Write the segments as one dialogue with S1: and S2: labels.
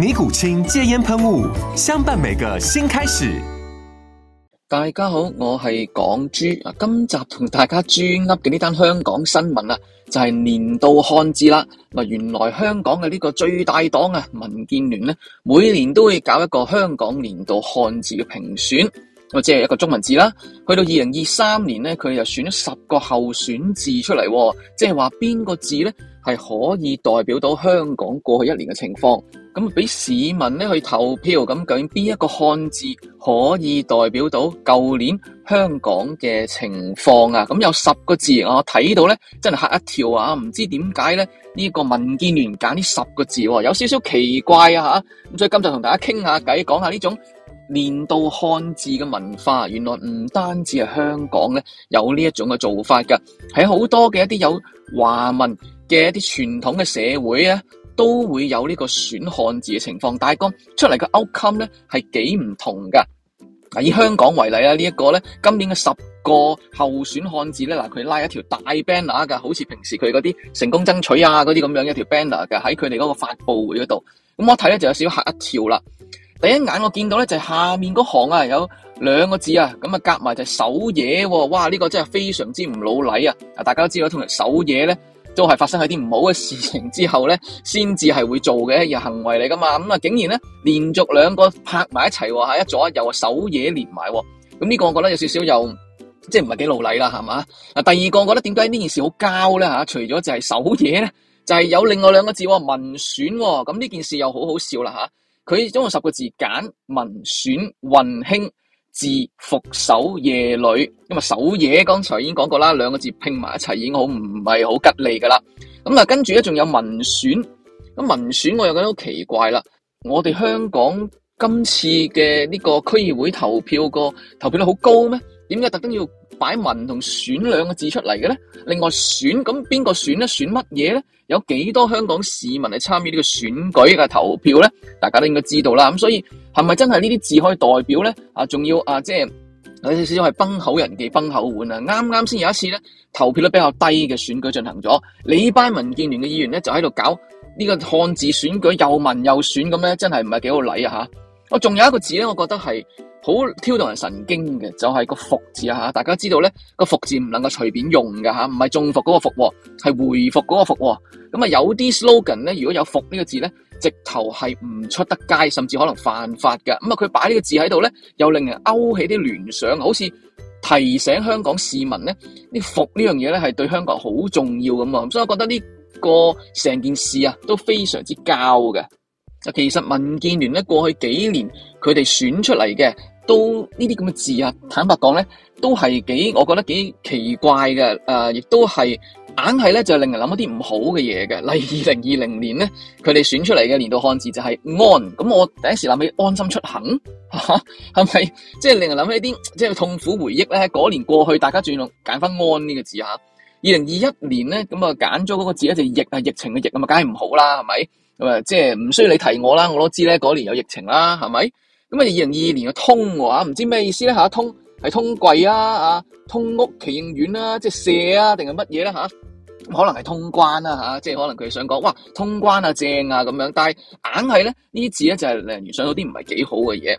S1: 尼古清戒煙噴霧，相伴每個新開始。大家好，我係港豬。今集同大家專嘅呢單香港新聞、啊、就係年度漢字啦。原來香港嘅呢個最大黨啊，民建聯呢，每年都會搞一個香港年度漢字嘅評選，或者係一個中文字啦。去到二零二三年呢，佢又選咗十個候選字出嚟、哦，即係話邊個字呢？係可以代表到香港過去一年嘅情況，咁俾市民咧去投票，咁究竟邊一個漢字可以代表到舊年香港嘅情況啊？咁有十個字，我睇到咧真係嚇一跳啊！唔知點解咧呢，呢個民建聯揀呢十個字喎，有少少奇怪啊嚇。咁所以今集同大家傾下偈，講下呢種年度漢字嘅文化。原來唔單止係香港咧有呢一種嘅做法㗎，喺好多嘅一啲有華文嘅一啲傳統嘅社會啊，都會有呢個選漢字嘅情況，但係講出嚟嘅 outcome 咧係幾唔同㗎。以香港為例啦，這個、呢一個咧今年嘅十個候選漢字咧，嗱佢拉一條大 banner 㗎，好似平時佢嗰啲成功爭取啊嗰啲咁樣，一條 banner 㗎喺佢哋嗰個發佈會嗰度。咁我睇咧就有少少嚇一跳啦。第一眼我見到咧就係、是、下面嗰行啊有兩個字啊，咁啊夾埋就係守夜喎，哇！呢、這個真係非常之唔老禮啊！啊，大家都知道通常守夜咧。都係發生喺啲唔好嘅事情之後咧，先至係會做嘅一啲行為嚟噶嘛。咁、嗯、啊，竟然咧連續兩個拍埋一齊喎，吓，一左一右啊，是守嘢連埋。咁、嗯、呢、這個我覺得有少少又即係唔係幾老禮啦，係嘛？嗱，第二個我覺得點解呢件事好膠咧吓？除咗就係守嘢咧，就係、是、有另外兩個字喎，民、哦、選、哦。咁、嗯、呢件事又好好笑啦吓。佢總共十個字，揀民選運興。字伏守夜裏，因為守夜剛才已經講過啦，兩個字拼埋一齊已經好唔係好吉利噶啦。咁啊，跟住咧仲有民選，咁民選我又覺得好奇怪啦。我哋香港今次嘅呢個區議會投票個投票率好高咩？點解特登要？擺文同選兩個字出嚟嘅咧，另外選咁邊個選咧？選乜嘢咧？有幾多香港市民嚟參與呢個選舉嘅投票咧？大家都應該知道啦。咁所以係咪真係呢啲字可以代表咧？啊，仲要啊，即係有、啊、少少係崩口人嘅崩口碗啊！啱啱先有一次咧，投票率比較低嘅選舉進行咗，你班民建聯嘅議員咧就喺度搞呢個漢字選舉，又文又選咁咧，真係唔係幾好禮啊！吓、啊，我仲有一個字咧，我覺得係。好挑動人神經嘅，就係、是那個復字啊吓！大家知道咧、那個，個復字唔能夠隨便用㗎，吓、那個，唔係中伏嗰個伏喎，係回復嗰個復喎。咁啊，有啲 slogan 咧，如果有復呢、這個字咧，直頭係唔出得街，甚至可能犯法㗎。咁啊，佢擺呢個字喺度咧，又令人勾起啲聯想，好似提醒香港市民咧，呢復呢樣嘢咧係對香港好重要咁啊！所以我覺得呢、這個成件事啊都非常之膠嘅。其實民建聯咧過去幾年佢哋選出嚟嘅都呢啲咁嘅字啊，坦白講咧都係幾，我覺得幾奇怪嘅。誒、呃，亦都係硬係咧就是、令人諗一啲唔好嘅嘢嘅。例如二零二零年咧，佢哋選出嚟嘅年度漢字就係、是、安。咁我第一時諗起安心出行，嚇係咪？即、啊、係、就是、令人諗起啲即係痛苦回憶咧。嗰年過去，大家轉用揀返安呢、這個字吓？二零二一年咧，咁啊揀咗嗰個字咧就是、疫啊，疫情嘅疫啊嘛，梗係唔好啦，係咪？咁即係唔需要你提我啦，我都知咧嗰年有疫情啦，係咪？咁啊，二零二二年嘅通喎，唔知咩意思咧？吓，通係通貴啊，啊，通屋其應院啦，即係射啊，定係乜嘢咧？吓，可能係通關啦，吓，即係可能佢想講哇，通關啊正啊咁樣，但係硬係咧呢字咧就係令人想到啲唔係幾好嘅嘢。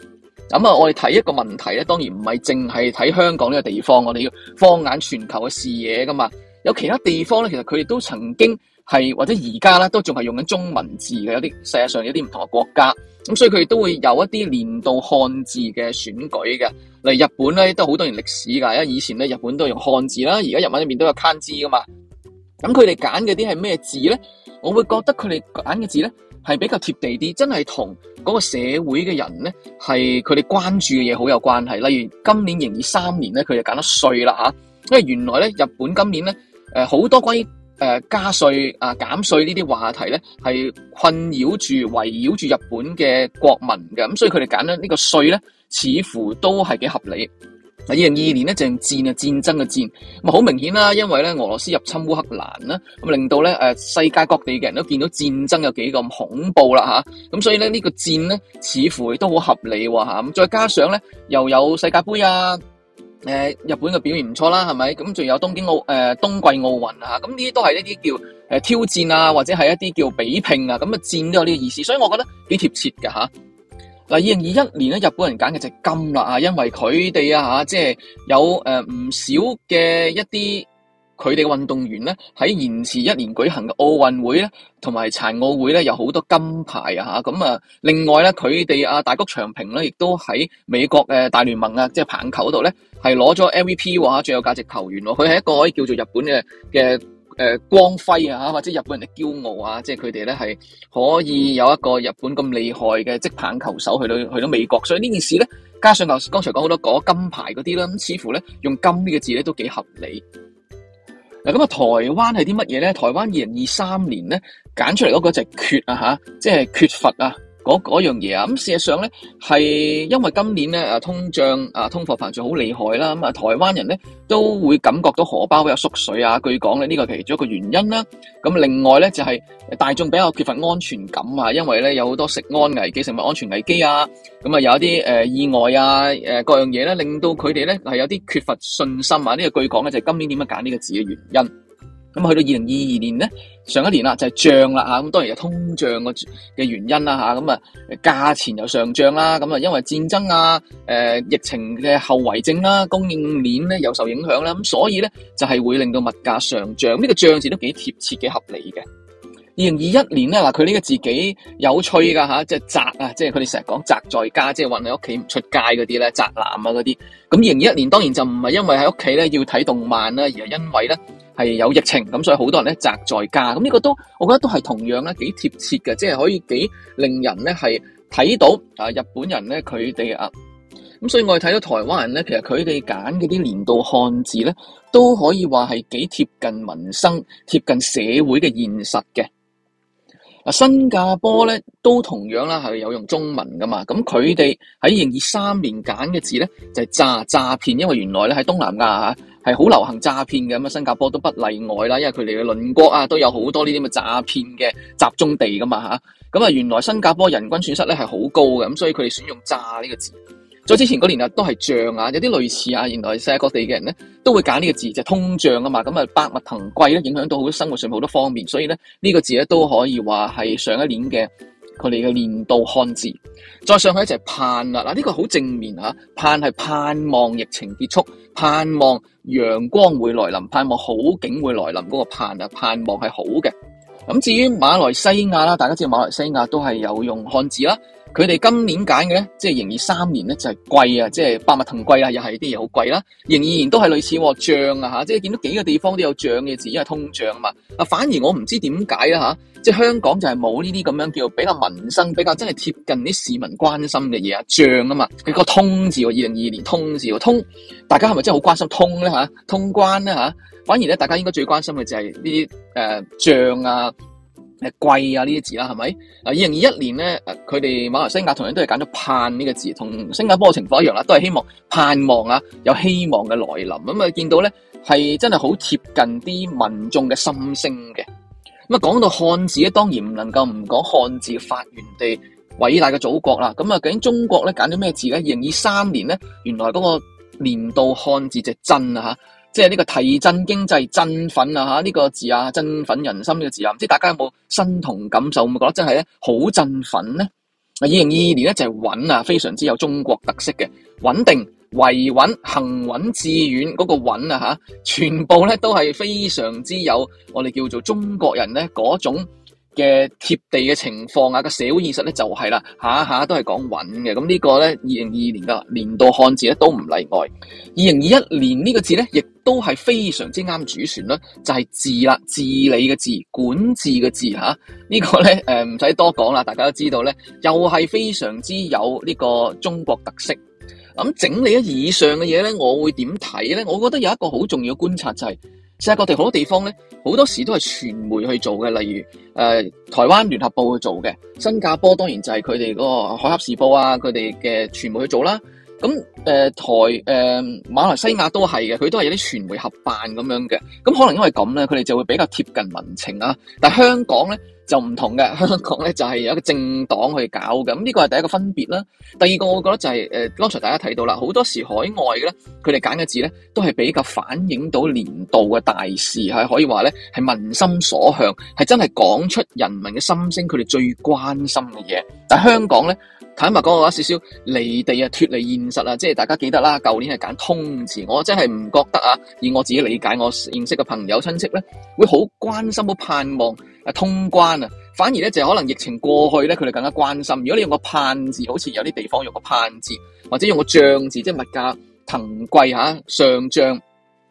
S1: 咁啊，我哋提一個問題咧，當然唔係淨係睇香港呢個地方，我哋要放眼全球嘅視野噶嘛。有其他地方咧，其實佢哋都曾經。係或者而家咧都仲係用緊中文字嘅，有啲世界上有啲唔同嘅國家，咁所以佢哋都會有一啲年度漢字嘅選舉嘅。例如日本咧，都好多年歷史噶，因為以前咧日本都係用漢字啦，而家日文裏面都有 kanji 字㗎噶嘛。咁佢哋揀嘅啲係咩字咧？我會覺得佢哋揀嘅字咧係比較貼地啲，真係同嗰個社會嘅人咧係佢哋關注嘅嘢好有關係。例如今年二零二三年咧，佢就揀得稅啦吓，因為原來咧日本今年咧誒好多關於。誒、呃，加稅啊、呃，減稅呢啲話題咧，係困擾住圍繞住日本嘅國民嘅，咁所以佢哋揀呢呢個稅咧，似乎都係幾合理。嗱，二零二二年咧就是、戰啊，戰爭嘅戰，咁好明顯啦，因為咧俄羅斯入侵烏克蘭啦，咁令到咧誒、呃、世界各地嘅人都見到戰爭有幾咁恐怖啦吓，咁所以咧呢、呢個戰咧似乎都好合理喎吓，咁再加上咧又有世界杯啊。誒，日本嘅表現唔錯啦，係咪？咁仲有東京奧誒、呃、冬季奧運啊，咁呢啲都係一啲叫誒挑戰啊，或者係一啲叫比拼啊，咁啊戰都有呢個意思，所以我覺得幾貼切嘅吓。嗱、啊，二零二一年咧，日本人揀嘅就係金啦啊，因為佢哋啊吓，即、就、係、是、有誒唔、呃、少嘅一啲。佢哋嘅運動員咧，喺延遲一年舉行嘅奧運會咧，同埋殘奧會咧，有好多金牌啊！嚇咁啊。另外咧，佢哋阿大谷翔平咧，亦都喺美國嘅大聯盟啊，即係棒球嗰度咧，係攞咗 MVP 喎、啊，最有價值球員喎。佢係一個可以叫做日本嘅嘅誒光輝啊，嚇或者日本人嘅驕傲啊。即係佢哋咧係可以有一個日本咁厲害嘅即棒球手去到去到美國，所以呢件事咧，加上頭剛才講好多攞金牌嗰啲啦，咁似乎咧用金呢個字咧都幾合理。嗱，咁啊，台灣係啲乜嘢呢？台灣二零二三年呢，揀出嚟嗰個就係缺啊，嚇，即係缺乏啊。嗰嗰樣嘢啊，咁事實上咧係因為今年咧、啊、通脹啊通貨膨脹好厲害啦，咁啊台灣人咧都會感覺到荷包比較縮水啊，據講咧呢個係其中一個原因啦。咁、啊、另外咧就係、是、大眾比較缺乏安全感啊，因為咧有好多食安危機、食物安全危機啊，咁啊有一啲、呃、意外啊，啊各樣嘢咧令到佢哋咧係有啲缺乏信心啊，呢、呢個據講咧就係、是、今年點樣揀呢個字嘅原因。咁去到二零二二年咧，上一年啦就係漲啦吓，咁當然有通脹嘅嘅原因啦吓，咁啊價錢又上漲啦，咁啊因為戰爭啊，誒疫情嘅後遺症啦，供應鏈咧有受影響啦，咁所以咧就係會令到物價上漲。呢個漲字都幾貼切，幾合理嘅。二零二一年咧，嗱佢呢個字幾有趣噶吓，即係宅啊，即係佢哋成日講宅在家，即係混喺屋企唔出街嗰啲咧，宅男啊嗰啲。咁二零二一年當然就唔係因為喺屋企咧要睇動漫啦，而係因為咧。係有疫情咁，所以好多人咧宅在家咁，呢個都我覺得都係同樣咧幾貼切嘅，即係可以幾令人咧係睇到啊！日本人咧佢哋啊咁。所以我哋睇到台灣人咧，其實佢哋揀嗰啲年度漢字咧，都可以話係幾貼近民生、貼近社會嘅現實嘅。啊，新加坡咧都同樣啦，係有用中文㗎嘛？咁佢哋喺二零二三年揀嘅字咧，就係詐詐騙，因為原來咧喺東南亞啊。係好流行詐騙嘅咁啊，新加坡都不例外啦，因為佢哋嘅鄰國啊都有好多呢啲咁嘅詐騙嘅集中地噶嘛嚇。咁啊，原來新加坡人均損失咧係好高嘅，咁所以佢哋選用詐呢個字。再之前嗰年啊都係漲啊，有啲類似啊，原來世界各地嘅人咧都會揀呢個字，就係通脹啊嘛。咁啊百物騰貴咧，影響到好多生活上好多方面，所以咧呢個字咧都可以話係上一年嘅。佢哋嘅年度漢字，再上去就係盼啦，呢、這個好正面吓，盼係盼望疫情結束，盼望陽光會來臨，盼望好景會來臨嗰個盼呀，盼望係好嘅。咁至於馬來西亞啦，大家知道馬來西亞都係有用漢字啦。佢哋今年揀嘅咧，即係零二三年咧就係、是、貴啊，即係百物騰貴，貴啊，又係啲嘢好貴啦。仍然都係類似喎，漲啊吓，即係見到幾個地方都有漲嘅字，因為通脹啊嘛。啊，反而我唔知點解啊吓，即係香港就係冇呢啲咁樣叫比較民生、比較真係貼近啲市民關心嘅嘢啊，漲啊嘛。佢個通字喎，二零二年通字喎，通，大家係咪真係好關心通咧吓、啊，通關咧吓、啊，反而咧大家應該最關心嘅就係呢啲誒漲啊。誒，貴啊呢啲字啦，係咪？啊，二零二一年咧，佢哋馬來西亞同樣都係揀咗盼呢、這個字，同新加坡嘅情況一樣啦，都係希望盼望啊，有希望嘅來臨。咁、嗯、啊，見到咧係真係好貼近啲民眾嘅心聲嘅。咁、嗯、啊，講到漢字咧，當然唔能夠唔講漢字嘅發源地，偉大嘅祖國啦。咁、嗯、啊，究竟中國咧揀咗咩字咧？二零二三年咧，原來嗰個年度漢字就真啊吓。即係呢個提振經濟振奮、這個、振奮啊！哈，呢個字啊，振奮人心呢個字啊，唔知大家有冇身同感受，有冇覺得真係咧好振奮咧？啊，二零二二年咧就係穩啊，非常之有中國特色嘅穩定、維穩、行穩致遠嗰、嗰個穩啊！哈，全部咧都係非常之有我哋叫做中國人咧嗰種，嘅貼地嘅情況啊，個社會現實咧就係啦，下下都係講穩嘅。咁呢個咧，二零二二年嘅年度漢字咧都唔例外。二零二一年呢個字咧，亦都係非常之啱主旋律，就係治啦、治理嘅治、管治嘅治。吓，呢個咧誒唔使多講啦，大家都知道咧，又係非常之有呢個中國特色。咁整理咗以上嘅嘢咧，我會點睇咧？我覺得有一個好重要觀察就係。世界各地好多地方咧，好多時都係傳媒去做嘅，例如誒、呃、台灣聯合報去做嘅，新加坡當然就係佢哋嗰個《海峽時報》啊，佢哋嘅傳媒去做啦。咁誒、呃、台誒、呃、馬來西亞都係嘅，佢都係有啲傳媒合辦咁樣嘅，咁可能因為咁咧，佢哋就會比較貼近民情啦。但香港咧就唔同嘅，香港咧就係、是、有一個政黨去搞嘅，咁、這、呢個係第一個分別啦。第二個我覺得就係、是、誒，剛、呃、才大家睇到啦，好多時海外嘅咧，佢哋揀嘅字咧都係比較反映到年度嘅大事，係可以話咧係民心所向，係真係講出人民嘅心聲，佢哋最關心嘅嘢。但香港咧。坦白講我話，少少離地啊，脫離現實啊，即係大家記得啦。舊年係揀通字，我真係唔覺得啊。以我自己理解，我認識嘅朋友親戚呢，會好關心、好盼望通關。反而就係可能疫情過去他佢哋更加關心。如果你用個盼字，好似有啲地方用個盼字，或者用個漲字，即係物價騰貴上漲，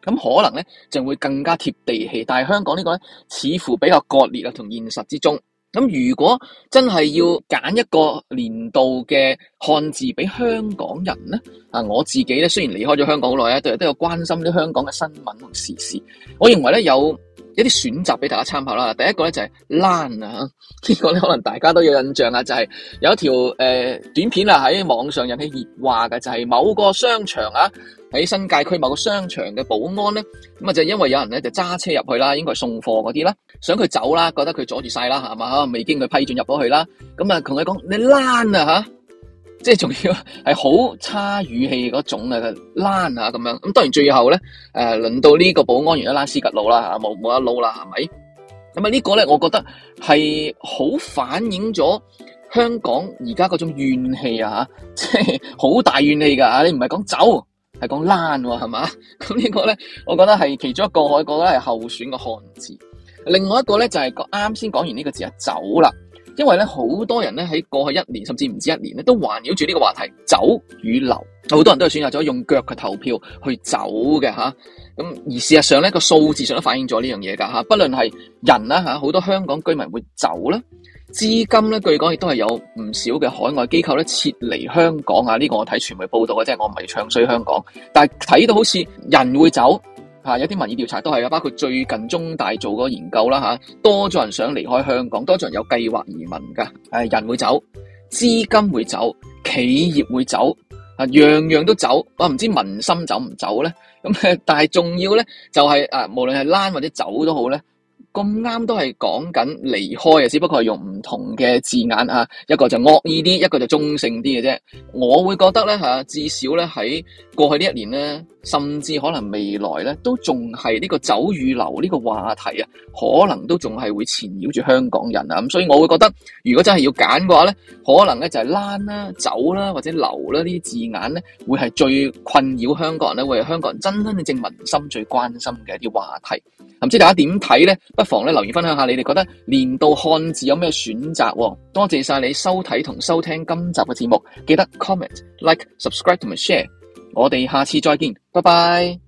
S1: 咁可能呢，就會更加貼地氣。但係香港呢、呢個呢，似乎比較割裂啊，同現實之中。咁如果真係要揀一個年度嘅漢字俾香港人呢？啊，我自己呢，雖然離開咗香港好耐咧，但係都有關心啲香港嘅新聞同時事，我認為呢，有。一啲選擇俾大家參考啦。第一個咧就係、是、攔啊，結果呢個咧可能大家都有印象啊，就係、是、有一條、呃、短片啊喺網上引起熱話嘅，就係某個商場啊喺新界區某個商場嘅保安咧，咁啊就因為有人咧就揸車入去啦，應該係送貨嗰啲啦，想佢走啦，覺得佢阻住晒啦，係嘛，未經佢批准入咗去啦，咁啊同佢講你攔啊吓！即係仲要係好差語氣嗰種啊，攣啊咁樣咁。當然最後咧，誒輪到呢個保安員都攣絲吉佬啦，冇冇得撈啦，係咪？咁啊呢個咧，我覺得係好反映咗香港而家嗰種怨氣啊，即係好大怨氣㗎啊！你唔係講走，係講攣喎，係嘛？咁呢個咧，我覺得係其中一個，我覺得係候選嘅漢字。另外一個咧就係啱先講完呢個字啊，走啦。因為咧，好多人咧喺過去一年甚至唔止一年咧，都環繞住呢個話題，走與留。好多人都係選擇咗用腳去投票去走嘅，吓。咁而事實上咧，個數字上都反映咗呢樣嘢噶吓。不論係人啦吓，好多香港居民會走啦。資金咧，據講亦都係有唔少嘅海外機構咧撤離香港啊。呢個我睇傳媒報道嘅，即係我唔係唱衰香港，但係睇到好似人會走。嚇，有啲民意調查都係啊，包括最近中大做嗰個研究啦嚇，多咗人想離開香港，多咗人有計劃移民噶。誒，人會走，資金會走，企業會走，啊，樣樣都走。我唔知民心走唔走咧。咁但係重要咧，就係誒，無論係留或者走好都好咧，咁啱都係講緊離開啊，只不過係用唔同嘅字眼，一個就惡意啲，一個就中性啲嘅啫。我會覺得咧嚇，至少咧喺過去呢一年咧。甚至可能未來咧，都仲係呢個走與留呢個話題啊，可能都仲係會纏繞住香港人啊咁，嗯，所以我會覺得，如果真係要揀嘅話咧，可能咧就係攬啦、走啦、啊、或者留啦呢啲字眼咧，會係最困擾香港人咧，會係香港人真真正正民心最關心嘅一啲話題。唔知大家點睇咧？不妨咧留言分享下，你哋覺得年度漢字有咩選擇，哦？多謝晒你收睇同收聽今集嘅節目，記得 comment、like、subscribe 同埋 share。我哋下次再見，拜拜。